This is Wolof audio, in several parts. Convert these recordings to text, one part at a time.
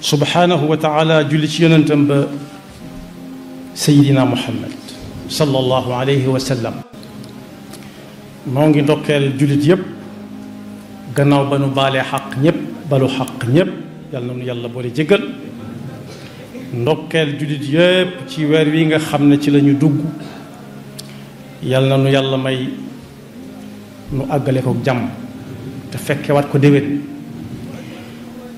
subhaanahu wa taala julli ci yonentam ba sayidina muhammad sallallahu alayhi wa sallam ngi ndokkeel jullit yépp gannaaw ba nu baalee xaq ñépp balu xaq ñépp yàlla na nu yàlla boole jéggal ndokkeel jullit yépp ci weer wi nga xam ne ci lañu dugg yàlla na nu yàlla may nu àggale ko jàmm te fekkewaat ko déwén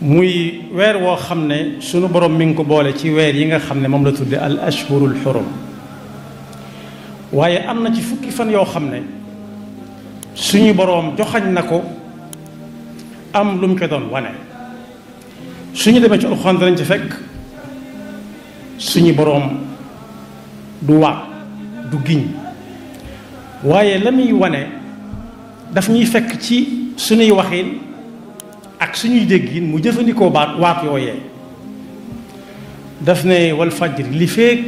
muy weer woo xam ne sunu borom mi ngi ko boole ci weer yi nga xam ne moom la tudde al ashhurul xurum waaye am na ci fukki fan yoo xam ne suñu boroom joxañ na ko am lu mu wane suñu demee ci alxuraan danañ ci fekk suñu boroom du waat du giñ waaye la muy wane daf ñuy fekk ci suñuy waxin ak suñuy déggin mu jëfandikoo baat waat yooyee daf ne wal fajr li feeg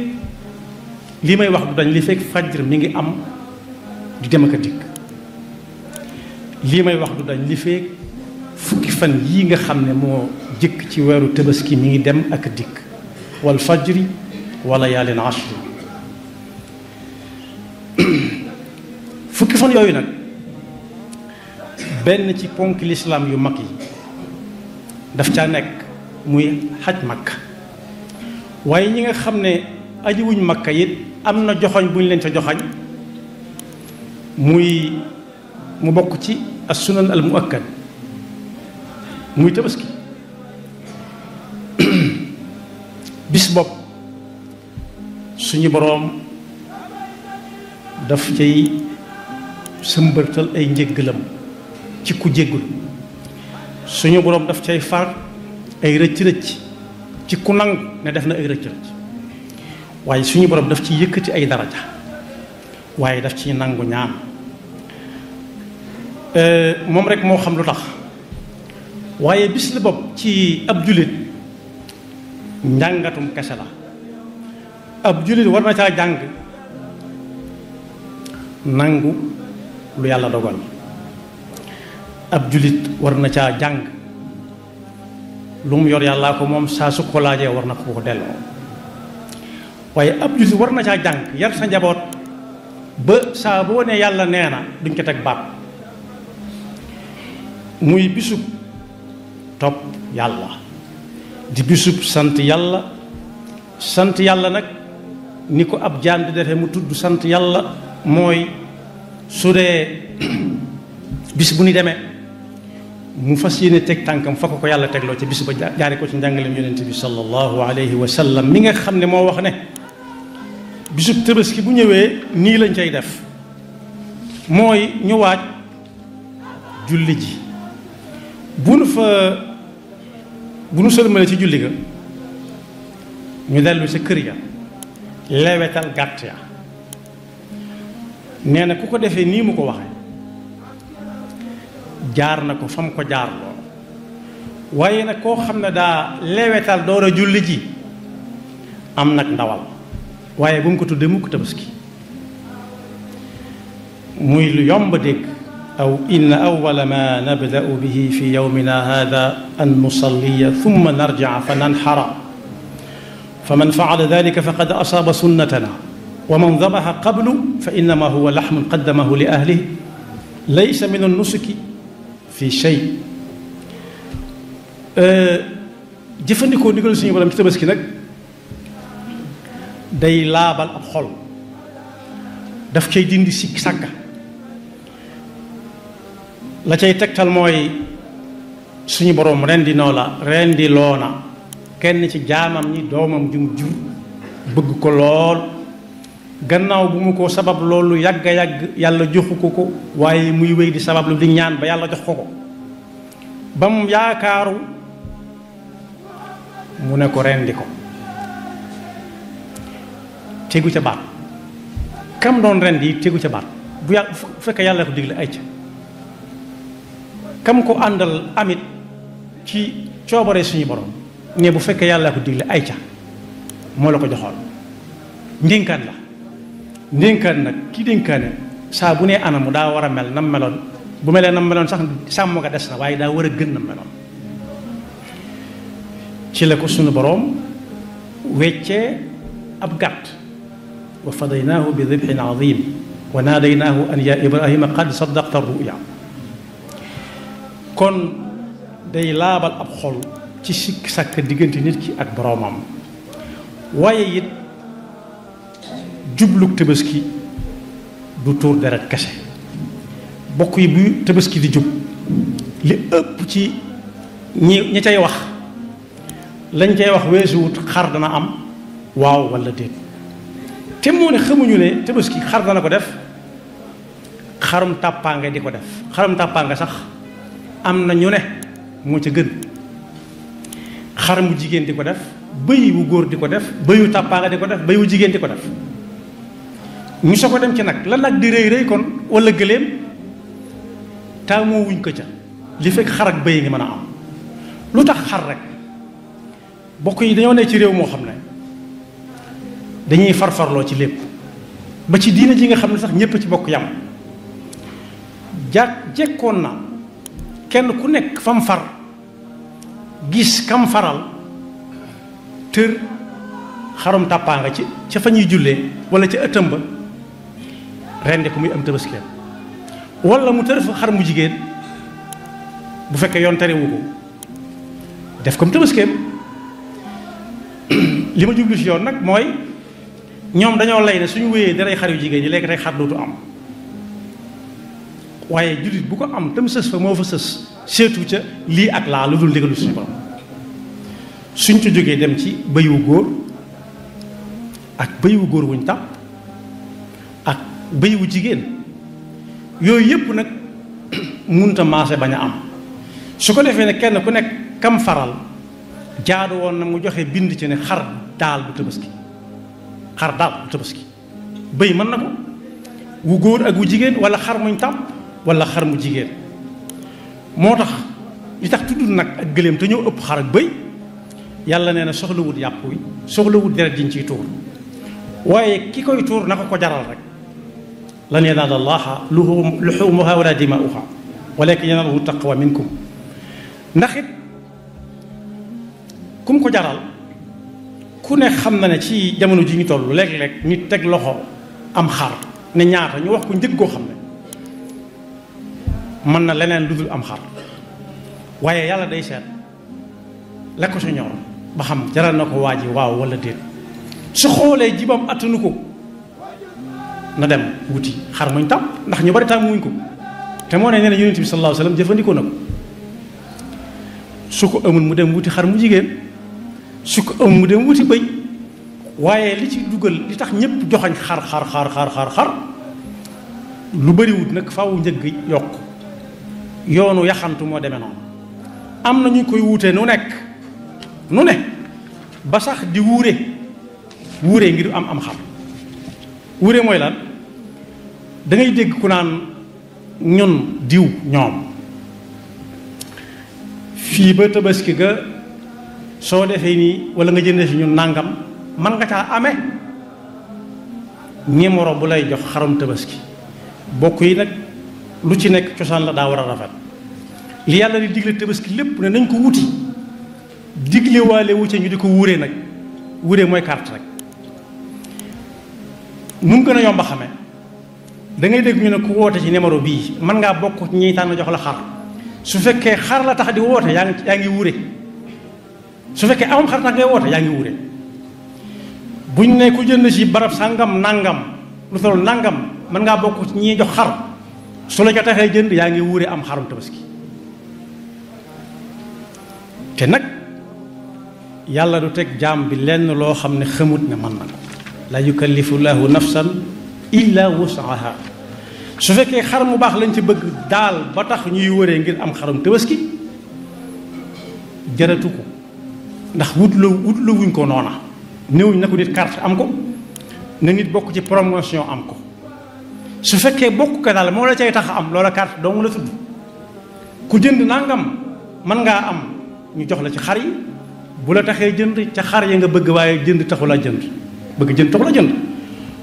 li may wax du dañ li feeg fajr mi ngi am di dem ak dikk lii may wax du dañ li feeg fukki fan yii nga xam ne moo jëkk ci weeru tabaski mi ngi dem ak dikk wal fajri wala yaalin ashri fukki fan yooyu nag benn ci ponk lislaam yu mag yi daf caa nekk muy xaj makka waaye ñi nga xam ne ajiwuñ makka it am na joxoñ bu ñu leen ca joxañ muy mu bokk ci as sunan mu muakkad muy tabaski bis bopp suñu boroom daf cay sëmbërtal ay njéggalam ci ku jéggul suñu borom daf cay far ay rëcc-rëcc ci ku nangu ne def na ay rëcc-rëcc waaye suñu borom daf ci yëkkati ay daraja waaye daf ci nangu ñaan euh, moom rekk moo xam lu tax waaye bis la bopp ci ab jullit njàngatum kese la ab jullit war na caa jàng nangu lu yàlla dogal ab julit war na caa jàng lu mu yor yàllaa ko moom saa su ko laajee war na ko ko delloo waaye ab julit war na caa jàng yar sa njaboot ba saa boo ne yàlla nee na duñ ko teg baat muy bisub topp yàlla di bisub sant yàlla sant yàlla nag ni ko ab jaam di defee mu tudd sant yàlla mooy su dee bis bu ñu demee mu fas yéene teg tànkam fa ko ko yàlla tegloo ci bis ba jaare ko ci njàngaleem yonent bi sallallahu alayhi wa sallam mi nga xam ne moo wax ne bisub tëbaski bu ñëwee nii lañ cay def mooy ñu waaj julli ji bu nu fa bu nu sëlmale ci julli ga ñu dellu sa kër ya lewetal gàtt ya nee na ku ko defee nii mu ko waxe jaar na ko fam ko jaar loo waaye nag koo xam ne daa lewetal door a julli ji am nag ndawal waaye bu mu ko tuddee mukk tabaski muy lu yomb dégg aw inna awala ma nabda'u bihi fi yawmina hada an nusalliya thumma narji'a fa nanxara fa man faala dalika faqad asaaba sunnatana wa man dabaxa qablu fa innama huwa laxmun qaddamahu li ahlihi laysa min annusuki fi shay euh, jëfandikoo ndigal suñu borom ci tabaski nag day laabal ab xol daf cay dindi sikk sàkka la cay tegtal mooy suñu borom rendi noo la rendi loo na kenn ci jaamam ni doomam ju mu jur bëgg ko lool gannaaw bu mu ko sabab loolu yàgg yàgg yàlla joxu ko ko waaye muy wéy di sabab lu di ñaan ba yàlla jox ko ko ba mu yaakaaru mu ne ko rendi ko tegu ca baat kam doon rendi tégu ca baat bu yàlla bu fekkee yàlla ko digle ay ca kam ko àndal amit ci coobare suñu borom ne bu fekkee yàlla ko digle ay ca moo la ko joxoon ndénkaan la ndénkaan nag ki dénkaane saa ne nee mu daal war a mel nam meloon bu melee na meloon sax sàmm nga des na waaye daa war a gën na ci la ko sunu boroom weccee ab gàtt wa fadaynaahu bi dibhin azim wa naadaynaahu an yaa ibrahima qad saddaqta ruya kon day laabal ab xol ci sikk sàkk diggante nit ki ak boroomam waaye it jubluk tabaski du tuur deret kese bokk yi bu tabaski di jóg li ëpp ci ñi ñi cay wax lañ cay wax weesuwut xar dana am waaw wala déet te moo ne xamuñu ne tabaski xar dana ko def xarum tàppaanga di ko def xarum tàppaanga sax am na ñu ne moo ca gën xar mu jigéen di ko def bëy wu góor di ko def bëyu tàppaange di ko def bëy wu jigéen di ko def ñu soo ko dem ci nag la nag di rëy rëy kon walla gëléem taamoo wuñ ko ca li fekk xar ak bëy ngi mën a am lu tax xar rek bokk yi dañoo ne ci réew moo xam ne dañuy farfarloo ci lépp ba ci diina ji nga xam ne sax ñépp ci bokk yam ja jekkoon na kenn ku nekk fam far gis kam faral tër xarum tàppaa nga ci ca fa ñuy jullee wala ca ëttam ba rendi ko muy am tabaski wala mu tërëf xar mu jigéen bu fekkee yoon terewu ko def comme tëbaskeem li ma jublu si yoon nag mooy ñoom dañoo lay ne suñu wéyee daray xar yu jigéen ñi lekk tey xar dootu am waaye jullit bu ko am tam sës fa moo fa sës seetu ca lii ak laa lu dul ndigalu suñu borom suñ ca jógee dem ci bëyu góor ak bëyu góor wuñ tàpp ak bëyu jigéen yooyu yëpp nag munta maase bañ a am su ko defee ne kenn ku nekk kam faral jaadu woon na mu joxe bind ci ne xar daal bu tabaski xar daal bu tabaski bëy mën na ko wu góor ak wu jigéen wala xar muñ tàmm wala xar mu jigéen moo tax li tax tudd nag ak gëléem te ñëw ëpp xar ak bëy yàlla nee na soxlawut yàpp wi soxlawut deret jiñ ciy tuur waaye ki koy tuur na ko ko jaral rek lan yanaala llaaha luxuumuhaa wala dimaa'uhaa walaakin yanaaluhu taqwa minkum ndax it kum ko jaral ku ne xam na ne ci jamono ji ñu toll léeg-léeg nit teg loxo am xar ne ñaata ñu wax ko njëg koo xam ne mën na leneen lu dul am xar waaye yàlla day seet lekko ko sa ñor ba xam jaral na ko waa ji waaw wala déet su xoolee jibam attanu ko na dem wuti xar muñ tam ndax ñu bari tam muñ ko te moo ne nee na yonent bi sallallahu alayhi wasallam jëfandikoo na su ko amul mu dem wuti xar mu jigéen su ko amul mu dem wuti bëy waaye li ci dugal li tax ñëpp joxañ xar xar xar xar lu bari wut nag faaw njëgg yokk yoonu yaxantu moo demee noonu am na ñu koy wuutee nu nekk nu ne ba sax di wuure wuure ngir am am xam wure mooy lan da ngay dégg ku naan ñun diw ñoom fii ba tabaski ga soo defee nii wala nga jëndee fi ñun nàngam man nga caa ame numéro bu lay jox xarum tabaski bokk yi nag lu ci nekk cosaan la daa war a rafet li yàlla di digle tabaski lépp ne nañ ko wuti digle waale wu ca ñu di ko wure nag wure mooy carte rek nu mu gën a yomb a xamee da ñu ne ku woote ci numéro bii mën ngaa bokk ci ñiy tànn jox la xar su fekkee xar la tax di woote yaa ngi yaa ngi wure su fekkee amam xar tax ngay woote yaa ngi wure buñ ne ku jënd ci barab sàngam nangam lu toll nangam mën ngaa bokk ci ñiy jox xar su la ko taxee jënd yaa ngi wure am xarum tabaski te nag yàlla du teg jaam bi lenn loo xam ne xamut ne man na la yukallifu llahu nafsan illa wusaha su fekkee xar mu baax lañ ci bëgg daal ba tax ñuy wëree ngir am xarum ki jaratu ko ndax wut la ko noona néewuñ na ko nit carte am ko na nit bokk ci promotion am ko su fekkee bokk ko daal moo la cay tax am loola carte dong la tudd ku jënd nangam mën ngaa am ñu jox la ci xar yi bu la taxee jënd ca xar yi nga bëgg waaye jënd taxu la jënd bëgg jënd tox la jënd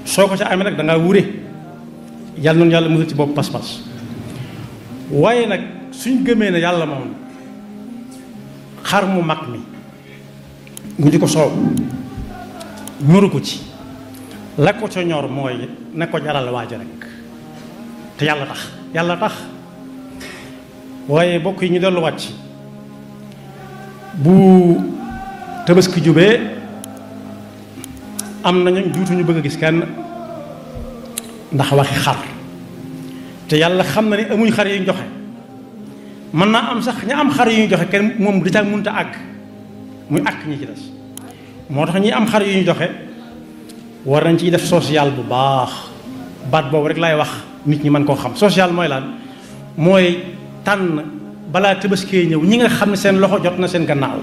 soo ko ci amee nag dangaa ngaa wure yàlla noonu yàlla musal ci bopp pas-pas waaye nag suñ gëmee ne yàlla moom xar mu mag mi ñu di ko soow ñoru ko ci la ko ca ñor mooy na ko jaral waaja rek te yàlla tax yàlla tax waaye bokk yi ñu delluwaat ci bu tabaski jubee am nañu juutuñu bëgg a gis kenn ndax waxi xar te yàlla xam na ne amuñ xar yu ñu joxe mën naa am sax ña am xar yu ñu joxe kenn moom da caa mënta àgg muy àgg ñi ci des moo tax ñi am xar yu ñu joxe war nañ ciy def social bu baax baat boobu rek laay wax nit ñi mën koo xam social mooy laal mooy tànn balaa tabaskee ñëw ñi nga xam ne seen loxo jot na seen gannaaw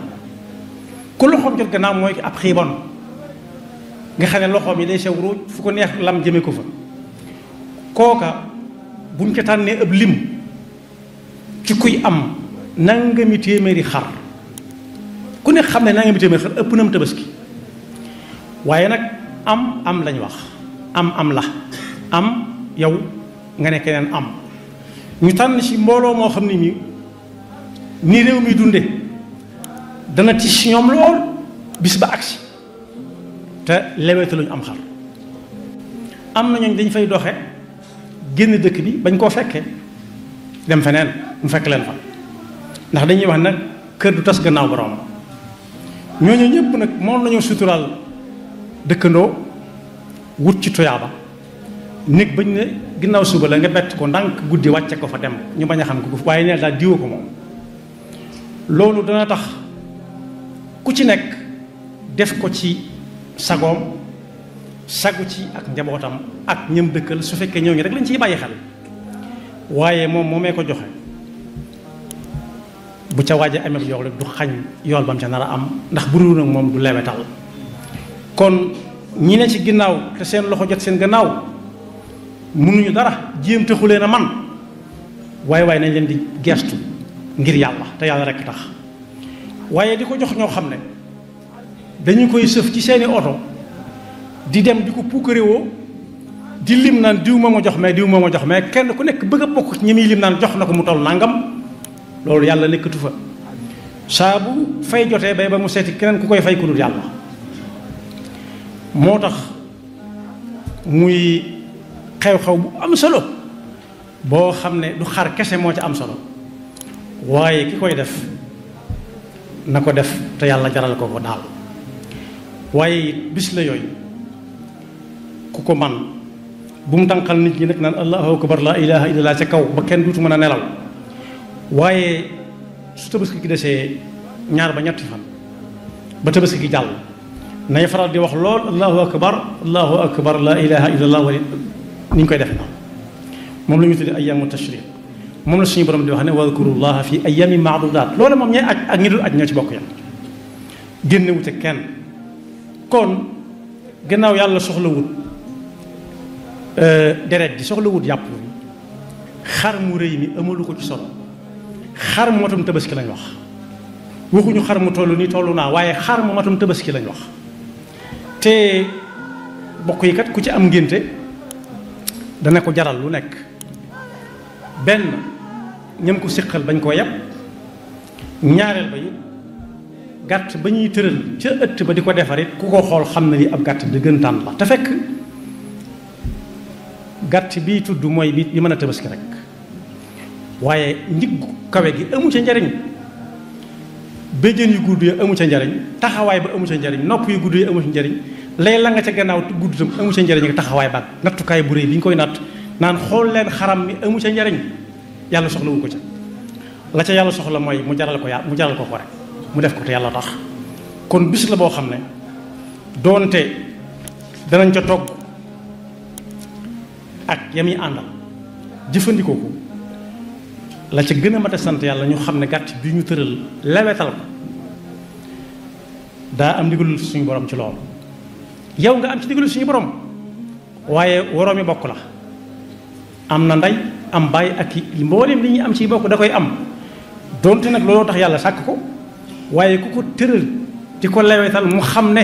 ku loxoom jot gannaaw mooy ab xiibon nga xam ne loxoom yi day sew ruuj fu ko neex lam jëme ko fa kooka buñ ko tànnee ab lim ci kuy am nangami téeméeri xar ku nekk xam ne nangami téeméeri xar ëpp na mu tabaski waaye nag am am lañ wax am am la am yow nga ne keneen am ñu tànn ci mbooloo moo xam ne nii ni réew mi dunde dana tiis ñoom lool bis ba agsi te lewetu luñu am xar am na ñooñ dañ fay doxe génn dëkk bi bañ koo fekkee dem feneen mu fekk leen fa ndax dañuy wax nag kër du tas gannaaw borom ñooñu ñëpp nag moom lañu suturaal dëkkandoo wut ci tuyaaba néeg bañ ne ginnaaw suba la nga bett ko ndànk guddi wàcce ko fa dem ñu bañ a xam ko ko waaye nee daal diwa ko moom loolu dana tax ku ci nekk def ko ci sagoom sagu ci ak njabootam ak ñëm dëkkal su fekkee ñëw ñi rek lañ ciy bàyyi xel waaye moom moomee ko joxe bu ca waaje amee yool rek du xañ yool bam ca nar a am ndax bu dul nag moom du lewetal kon ñi ne ci ginnaaw te seen loxo jot seen gannaaw mënuñu dara jéem taxuleen a man waaye waaye nañ leen di gestu ngir yàlla te yàlla rek tax waaye di ko jox ñoo xam ne dañu koy sëf ci seeni oto di dem di ko puukarewoo di lim naan diw moo ma jox mais diw moo ma jox mais kenn ku nekk bëgg a bokk ñi muy lim naan jox na ko mu toll nangam loolu yàlla nekkatu fa saa bu fay jotee bay ba mu seeti keneen ku koy fay ku yàlla moo tax muy xew-xew bu am solo boo xam ne du xar kese moo ci am solo waaye ki koy def na ko def te yàlla jaral ko ko daal waaye it bis la yooyu ku ko man bu mu tànqal nit ñi nag naan allahu akbar laa ilaha illallah ca kaw ba kenn duutu mën a nelaw waaye su tabaski gi desee ñaar ba ñetti fan ba tabaski ki jàll nay faral di wax lool allahu akbar allahu akbar laa ilaha illallah wala ni ñu koy defe noonu moom la ñu tuddee ayyamu moom la suñu borom di wax ne wadkurullaha fi ayami maadudat loolu moom ñay aj ak ñi dul aj ñoo ci bokk yam génne kenn kon gannaaw yàlla soxlawut euh, deret ji soxlawut yàpp bi xar mu rëy mi amalu ko ci solo xar mu matum tabaski lañ wax waxuñu xar mu toll nii toll naa waaye xar mu matum tabaski lañ wax te bokk yi kat ku ci am ngénte dana ko jaral lu nekk benn ñam ko siqal bañ koo yàpp ñaareel ba it gàtt ba ñuy tëral ca ëtt ba di ko defarit ku ko xool xam na ni ab gàtt dëggantaan la te fekk gàtt bi tudd mooy bi bi mën a tabaski rek waaye njiggu kawe gi amu ca njariñ béjjën yu gudd yi amu ca njariñ taxawaay ba amu ca nopp yu gudd yi amu ca njariñ lay la nga ca gannaaw gudd amu ca njariñ nga taxawaay baat nattukaay bu réy bi ñu koy natt naan xool leen xaram mi amu ca njariñ yàlla soxla wu ko ca la ca yàlla soxla mooy mu jaral ko yàlla mu jaral ko ko mu def ko te yàlla tax kon bis la boo xam ne doonte danañ ca togg ak yam yi àndal jëfandikoo ko la ca gën a mat sant yàlla ñu xam ne gàtt bi ñu tëral lewetal ko daa am ndigalul suñu borom ci loolu yow nga am ci ndigalul suñu borom waaye woroomi bokk la am na ndey am bàyyi ak i mboolem li ñuy am ci bokk da koy am donte nag looloo tax yàlla sàkk ko waaye ku ko tëral di ko lewetal mu xam ne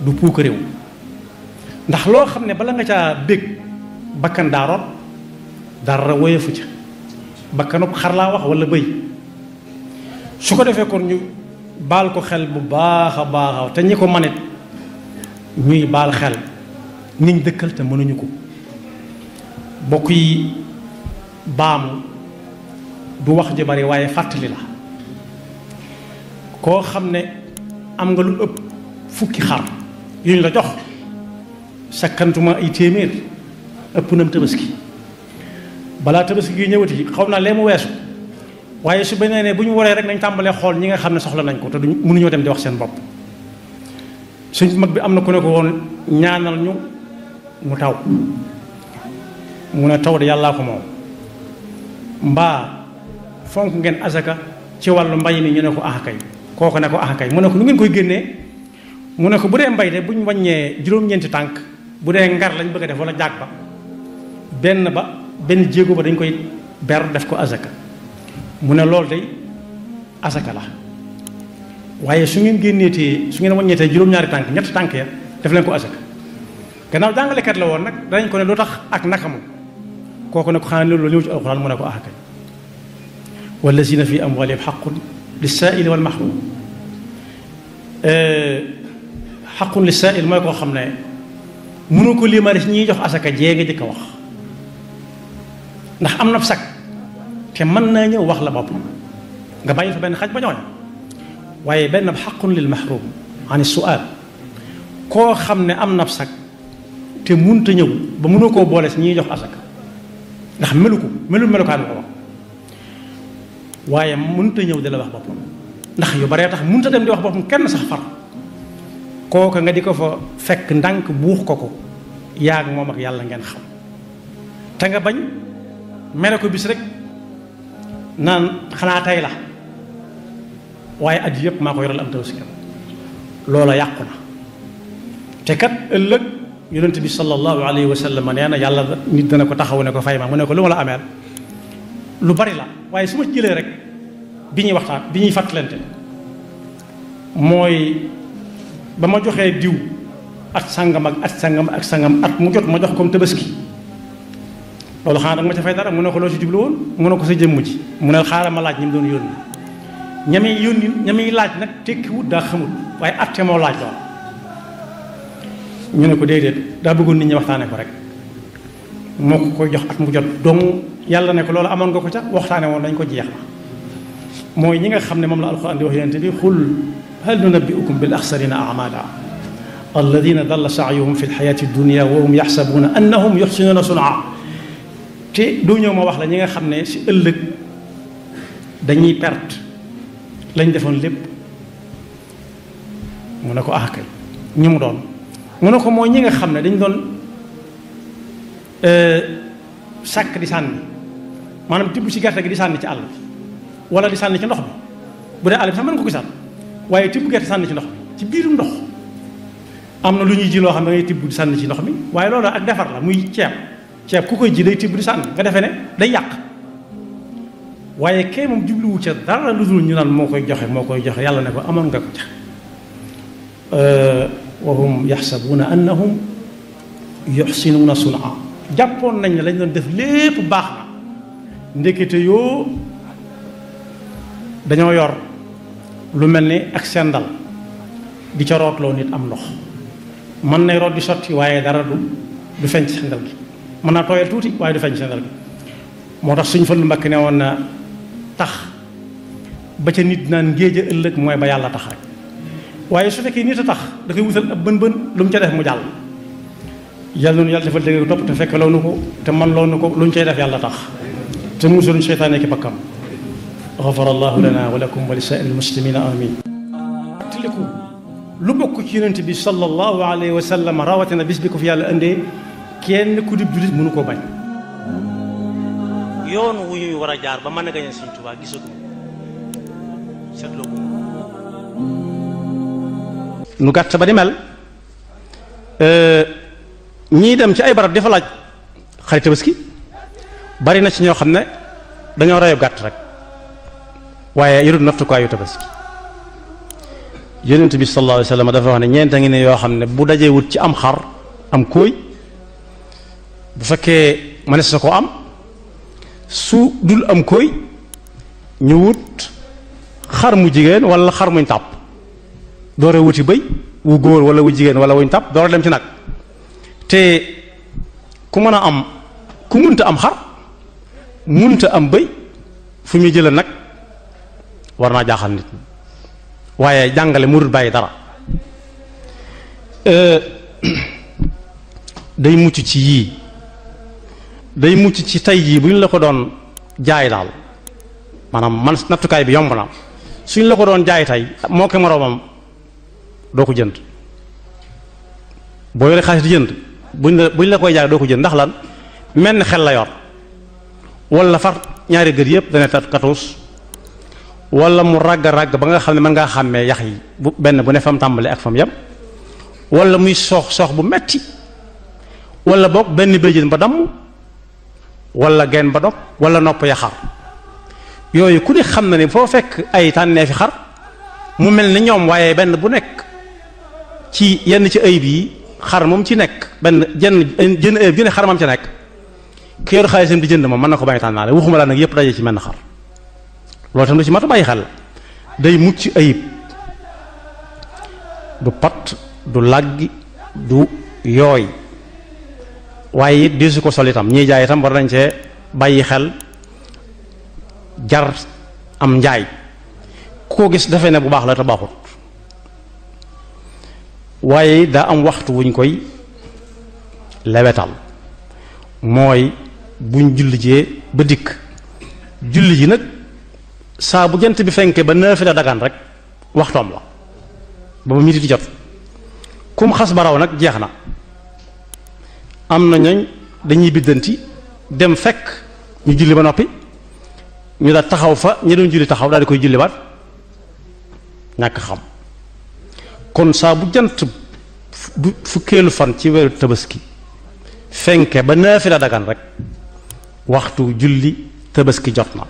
du puukarewu ndax loo xam ne bala nga ca bég bakkan daa rot dara woyofu ca bakkanub xar laa wax wala bëy su ko defee kon ñu baal ko xel bu baax a baax te ñi ko manit ñuy baal xel niñ dëkkal te mënuñu ko bokk yi baamu du wax ji bari waaye fàttali la koo xam ne am nga lu ëpp fukki xar yu ñu la jox sakkantuma ay téeméer ëpp nam tabaski balaa tabaski gi ñëwati xaw naa lee mu weesu waaye su benee ne bu ñu waree rek nañ tàmbalee xool ñi nga xam ne soxla nañ ko te duñ mënuñoo dem di wax seen bopp suñ mag bi am na ku ne woon ñaanal ñu mu taw mu taw de yàllaa ko moom mbaa fonk ngeen asaka ci wàllu mbay mi ñu ne ko ah kay kooku ne ko ah kay mu ne ko nu ngeen koy génnee mu ne ko bu dee mbay de bu ñu waññee juróom-ñeenti tànk bu dee ngar lañ bëgg a def wala jaag ba benn ba benn jéego ba dañ koy ber def ko asaka mu ne loolu de asaka la waaye su ngeen génnee génneetee su ngeen wàññeetee juróom-ñaari tànk ñetti tànk ya def leen ko asaka gannaaw jàngalekat la woon nag danañ ko ne lu tax ak nakamu kooku ne ko xanaa ne loolu ñëw ci alxuraan mu ne ko ah kay wallazina fii amwalihim xaqun lissaa'ili wal mahruum xaqun lissaa'il mooy koo xam ne mënu ko limaare si ñiy jox asaka jee nga jëkk wax ndax am na sag te mën naa ñëw wax la boppam nga bàyyi fa benn xaj ba ñooñu waaye benn xaqun lil mahruum ani su'aal koo xam ne am na sag te mënut ñëw ba mënoo koo boole si ñiy jox asaka ndax melu ko melu melukaan ko wax. waaye mënut a ñëw di wax boppam ndax yu baree tax mënut a dem di wax boppam kenn sax far kooka nga di ko fa fekk ndànk buux ko ko yaag moom ak yàlla ngeen xam te nga bañ mere ko bis rek naan xanaa tey la waaye at yëpp maa ko yoral am taw si kam loola yàqu na te kat ëllëg yonent bi sallallahu alayhi wa sallam nee na yàlla nit dana ko taxaw ne ko fay ma mu ne ko lu ma la ameel lu bari la waaye su ma jëlee rek bi ñuy waxtaan bi ñuy fàttalante mooy ba ma joxee diw at sàngam ak at sàngam ak sàngam at mu jot ma jox comme tabaski loolu xanaa da nga ma ca fay dara mu ne ko loo ci jublu woon mu ne ko sa jëmm ji mu ne xaaral ma laaj ñi mu doon yónni ñamey yónni ñamey laaj nag tekkiwut daa xamul waaye atte moo laaj lool ñu ne ko déedéet daa bëggoon nit ñi waxtaane ko rek moo ko koy jox ak mu jot dong yàlla ne ko loolu amoon nga ko ca waxtaane woon dañ ko jeex na mooy ñi nga xam ne moom la alxuraan di wax yonente bi xul hal nunabbi'ukum bil axsarina amala alladina dalla saayuhum fi lxayaati dunia wa hum yaxsabuuna annahum yuxsinuuna sunaa te doo ñëw ma wax la ñi nga xam ne si ëllëg dañuy perte lañ defoon lépp mu ne ko ah kay ñi mu doon mu ne ko mooy ñi nga xam ne dañ doon Euh, sàkk di sànni maanaam tibb ci gerte gi di sànni ci àll bi wala di sànni ci ndox bi bu dee àll bi sax mën nga ko gisaat waaye tibb gerte sànni ci ndox bi ci biirum ndox am na lu ñuy ji loo xam ne ngay tibb di ci ndox mi waaye loolu ak defar la muy ceeb ceeb ku koy ji day tibb di day yàq waaye kay moom jubluwu ca dara lu dul ñu naan moo koy joxe moo koy joxe yàlla ne ko amoon nga ko ca euh, wa hum yaxsabuuna annahum yuxsinuuna sunaa jàppoon nañ ne lañ doon def lépp baax na ndekete yoo dañoo yor lu mel ni ak sendal di ca rootloo nit am ndox mën nay root di sotti waaye dara du du feeñ ci sendal gi mën naa tooyal tuuti waaye du feeñ ci sendal gi moo tax suñ Fallu Mbàkke ne woon na tax ba ca nit naan ngéeja ëllëg mooy ba yàlla tax rek waaye su fekkee nit a tax da koy wutal ab bën bën lu mu ca def mu jàll yàlla noonu yàlla defal dégg topp te fekk loo nu ko te man loo nu ko lu ñu cay def yàlla tax te musul ñu seytaane ki bakkam gafarallahu lana wa lakum wa li saa'iri almuslimina amin tiliku lu bokk ci yonent bi sallallahu alayhi wa sallam rawatina bis bi yàlla indee kenn ku dib julit mënu koo bañ yoon wu ñuy war a jaar ba mën a gañe Sëñ Tuubaa gisaguma seetloo nu gàtt ba di mel euh, ñii dem ci ay barab dafa laaj xari tabaski bari na ci ñoo xam ne dañoo rayab gàtt rek waaye yorut nattukaayu tabaski yonent bi sallallahu alayhi wasallam dafa wax ne ñeenta ngi ne yoo xam ne bu dajee wut ci am xar am kóoy bu fekkee mënees na ko am su dul am kóoy ñu wut xar mu jigéen wala xar muñ tàpp doore wuti bëy wu góor wala wu jigéen wala wuñ tàpp doore dem ci nag te ku mën a am ku munta am xar munta am bëy fu muy jëla nag war naa jaaxal nit waaye jàngale mu dul bàyyi dara euh, day mucc ci yii day mucc ci tey jii bu ñu la ko doon jaay daal maanaam man nattukaay bi yomb na suñ la ko doon jaay tey moo ko moroomam doo ko jënd boo yore xaalis di jënd buñ la buñ la koy jaay doo ko jël ndax lan menn xel la yor wala far ñaari gër yëpp dana tat katuus wala mu ràgg ràgg ba nga xam ne mën ngaa xàmmee yax yi bu benn bu ne fam tàmbali ak fam yem walla muy soox soox bu metti walla boog benn béjjén ba damm wala genn ba dog wala nopp ya yooyu ku ne xam na ni foo fekk ay tànnee fi xar mu mel ni ñoom waaye benn bu nekk ci yenn ci ayib yi xar moom ci nekk benn jën jën jëne xar moom ci nekk ki xaalisam di jënd moom mën na ko bañ a tànnaale waxuma laa nag yëpp daje ci menn xar loolu tam lu ci matu bàyyi xel day mucc ayib du pat du làggi du yooy waaye it deesu ko sol itam ñiy jaay itam war nañ cee bàyyi xel jar am njaay ku ko gis defe ne bu baax la te baaxul waaye daa am waxtu wuñ koy lewetal mooy buñ julli jee ba dikk julli ji nag saa bu jant bi fenkee ba naafila dagan rek waxtoom la ba mu midi di jot kum xas baraw nag jeex na am na ñooñ dañuy biddanti dem fekk ñu julli ba noppi ñu daal taxaw fa ñi doon julli taxaw daal di koy julli baat ñàkk xam kon saa bu jant bu fukkeelu fan ci weeru tabaski fenke ba naafila dagan rek waxtu julli tabaski jot na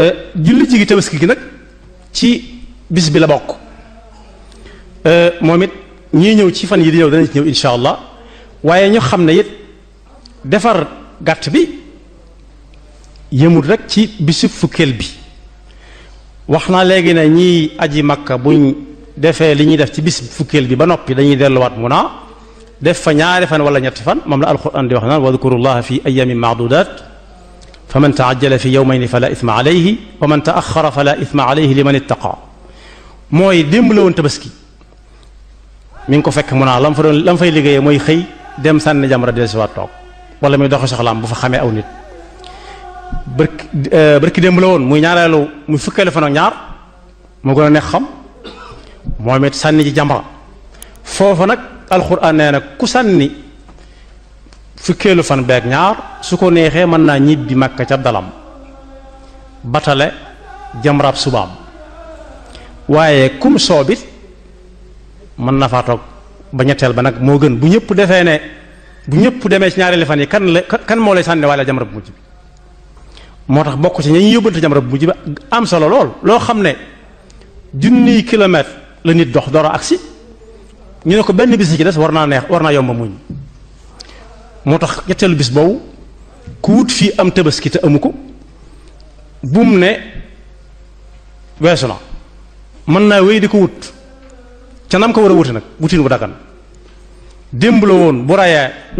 euh, julli ci gi tabaski gi nag ci bis bi la bokk euh, moom it ñii ñëw ci fan yi di ñëw danañ ñëw insha allah waaye ñu xam na it defar gàtt bi yëmul rek ci bisu fukkeel bi wax naa léegi ne ñiy aji makka buñ defee li ñuy def ci bis fukkeel bi ba noppi dañuy delluwaat munaa def fa ñaari fan wala ñetti fan moom la alquran di wax naan wadkuru llaha fi ayamin maadudat fa man taajala fi yawmayni fala isma alayhi wa man taaxara fala isma alayhi liman ittaqa mooy démb la woon tabaski mi ngi ko fekk munaa lam fa doon lam fay liggéeyee mooy xëy dem sànni jamra dellusiwaat toog wala muy doxi soxlaam bu fa xamee aw nit bërki euh, bërki démb la woon muy ñaareelu muy fukkeelu fan ak ñaar moo gën a neex xam moom it sànni ci jamra foofa nag alxuraan nee nag ku sànni fukkeelu fan beeg ñaar su ko neexee mën naa ñibbi Makka ca dalam batale jamraab subaam waaye kum soobit mën na faa toog ba ñetteel ba nag moo gën bu ñëpp defee ne bu ñëpp demee ci ñaareelu fan yi kan la kan moo lay sànni walla jamra bu mujj bi moo tax bokk ci ña ñu yóbbante jamra bu mujj bi am solo lool loo xam ne junniy kilomètre la nit dox door a agsi ñu ne ko benn bis ci des war naa neex war naa yomba muñ moo tax ñetteelu bis boobu ku wut fii am tabaski te amu ko buum ne weesu na mën naa wéy di ko wut ca nam ko war a wuti nag wutin bu dagan démb la woon bu rayee